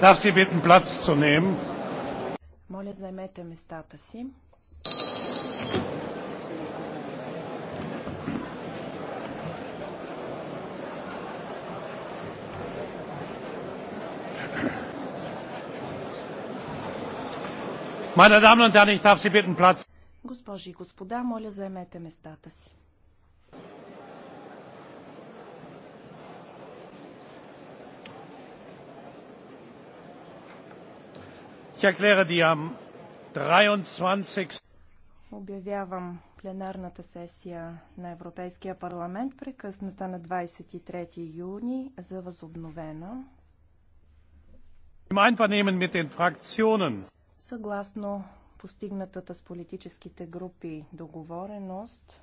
Darf Sie bitten, Platz zu nehmen? Моля, заемете местата си. Meine Damen und Herren, ich darf Sie bitten, Platz. Госпожи и господа, моля, заемете местата си. Обявявам пленарната сесия на Европейския парламент, прекъсната на 23 юни, за възобновена. Im Einvernehmen mit den Fraktionen. Съгласно постигнатата с политическите групи договореност,